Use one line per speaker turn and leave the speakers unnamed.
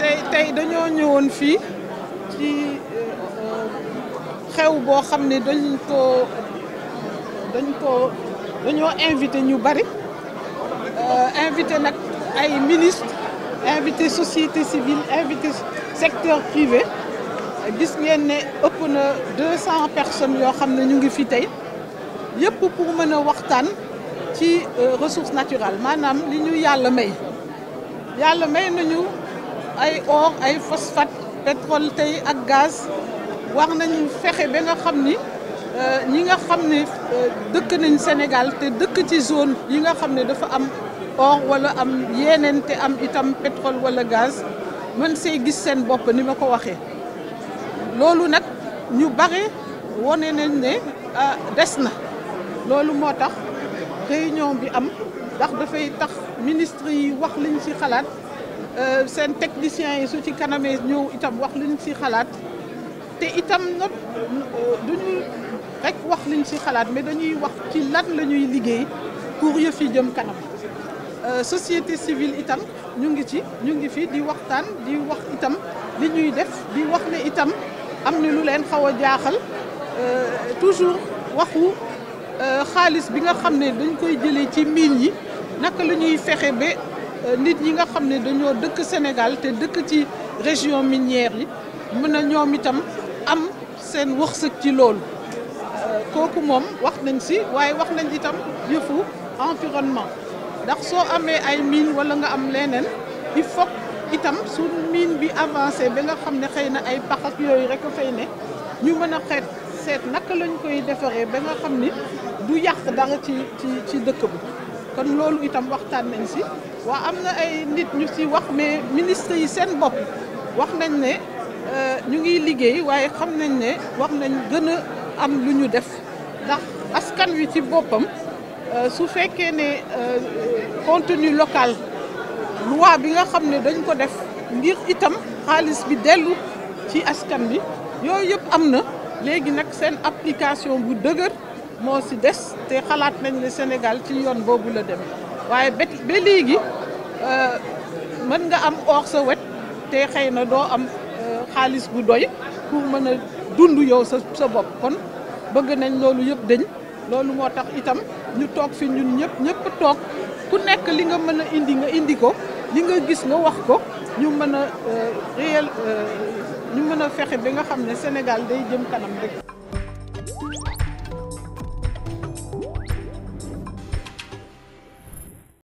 tey tey dañoo ñëwoon fii ci euh, xew boo xam ne dañ ko dañ ko dañoo invité ñu bari euh, invité nag ay ministre invité société civile invité secteur privé gis ngeen ne ëpp na deux cent personnes yoo xam ne ñu ngi fi tey yëpp pour mën waxtaan ci euh, ressource naturelle maanaam li ñu yàlla may yàlla may nañu ay or ay phosphate pétrole tey ak gaz wax nañu fexe ba nga xam ni euh, ñi nga xam ne euh, dëkk nañ Sénégal te dëkk ci zone yi nga xam ne dafa am or wala am yeneen te am itam pétrole walla gaz mën see gis seen bopp ni ma ko waxee loolu nag ñu bare wone nañ ne ah, des na loolu moo tax réunion bi am ndax dafay tax ministre yi wax liñ ci xalaat euh, seen techniciens yi su ci kanamee ñëw itam wax liñ ci xalaat te itam nag euh, duñu rek wax liñ ci xalaat mais dañuy wax ci lan la ñuy liggéey pour yëf yi jëm kanam euh, société civile itam ñu ngi ci ñu ngi fi di waxtaan di wax itam li ñuy def di wax ne itam am na lu leen xaw a jaaxal toujours waxu Euh, xaalis bi nga xam ne dañ koy jëlee ci mine yi naka lañuy ñuy fexe ba euh, nit ñi nga xam ne dañoo dëkk Sénégal te dëkk ci région minière yi mën a ñoom itam am seen wërsëg ci loolu euh, kooku moom wax nañ si waaye wax nañ itam yëfu environnement ndax soo amee ay mine wala nga am leneen il faut itam su mine bi avancé ba nga xam ne xëy na ay pax yooyu rek a fay ne ñu mën a xeet seet naka lañ koy defaree ba nga xam ni du yàq dara ci ci ci dëkk bi kon loolu itam waxtaan nañ si waa am na ay nit ñu si wax mais ministre yi seen bopp wax nañ ne euh, ñu ngi liggéey waaye xam nañ ne wax nañ gën a am lu ñu def ndax askan wi ci boppam euh, su fekkee ne euh, contenu local luwaa bi nga xam ne dañ ko def ngir itam xaalis bi dellu ci askan bi yooyu yëpp am na léegi nag seen application bu dëgër moo ci des te xalaat nañ ne Sénégal ci yoon boobu la dem waaye ba ba léegi euh, mën nga am or sa wet te xëy na doo am euh, xaalis bu doy pour mën a dund yow sa sa bopp kon bëgg nañ loolu yëpp dañ loolu moo tax itam ñu toog fi ñun ñëpp ñëpp toog ku nekk li nga mën a indi nga indi ko li nga gis nga wax ko ñu mën a euh, réel euh, ñu mën a fexe bi nga xam ne Sénégal day jëm kanam rek